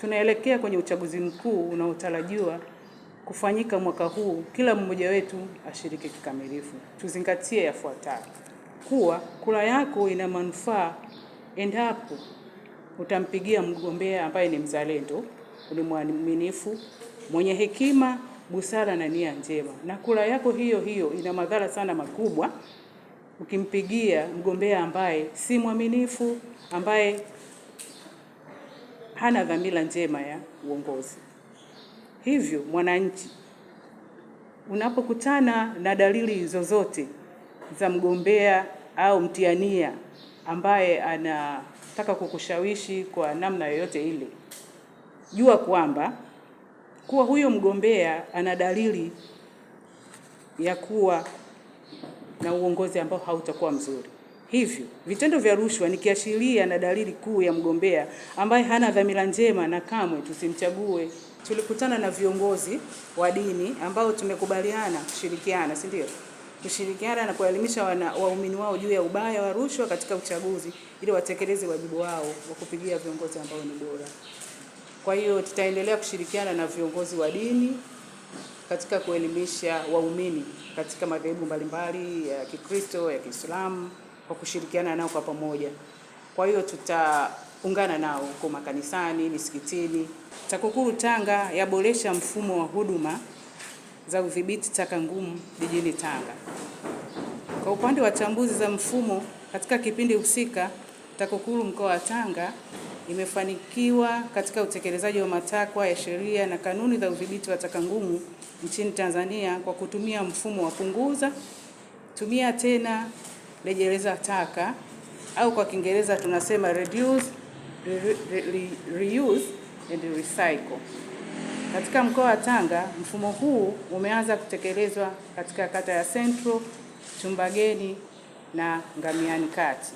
Tunaelekea kwenye uchaguzi mkuu unaotarajiwa kufanyika mwaka huu. Kila mmoja wetu ashiriki kikamilifu. Tuzingatie yafuatayo: kuwa kura yako ina manufaa endapo utampigia mgombea ambaye ni mzalendo, ni mwaminifu, mwenye hekima, busara na nia njema, na kura yako hiyo hiyo ina madhara sana makubwa ukimpigia mgombea ambaye si mwaminifu, ambaye hana dhamira njema ya uongozi. Hivyo mwananchi, unapokutana na dalili zozote za mgombea au mtiania ambaye anataka kukushawishi kwa namna yoyote ile, jua kwamba kuwa huyo mgombea ana dalili ya kuwa na uongozi ambao hautakuwa mzuri. Hivyo vitendo vya rushwa ni kiashiria na dalili kuu ya mgombea ambaye hana dhamira njema na kamwe tusimchague. Tulikutana na viongozi wa dini ambao tumekubaliana kushirikiana, si ndio? Kushirikiana na kuelimisha waumini wao juu ya ubaya wa rushwa katika uchaguzi ili watekeleze wajibu wao wa kupigia viongozi ambao ni bora. Kwa hiyo tutaendelea kushirikiana na viongozi wa dini katika kuelimisha waumini katika madhehebu mbalimbali ya Kikristo, ya Kiislamu kwa kushirikiana nao kwa pamoja. Kwa hiyo tutaungana nao huko makanisani, misikitini. TAKUKURU Tanga yaboresha mfumo wa huduma za udhibiti taka ngumu jijini Tanga. Kwa upande wa chambuzi za mfumo katika kipindi husika, TAKUKURU mkoa wa Tanga imefanikiwa katika utekelezaji wa matakwa ya sheria na kanuni za udhibiti wa taka ngumu nchini Tanzania kwa kutumia mfumo wa punguza, tumia tena rejeleza taka au kwa Kiingereza tunasema reduce, re, re, reuse and recycle. Katika mkoa wa Tanga, mfumo huu umeanza kutekelezwa katika kata ya Central, Chumbageni na Ngamiani Kati.